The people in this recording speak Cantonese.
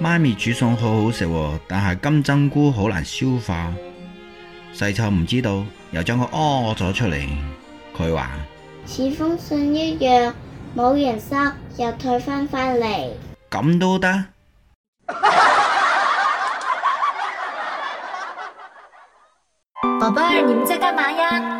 媽咪煮餸好好食，但係金針菇好難消化。細臭唔知道，又將佢屙咗出嚟。佢話似封信一樣冇人收，又退翻翻嚟。咁都得？爸爸，你們在幹嘛呀？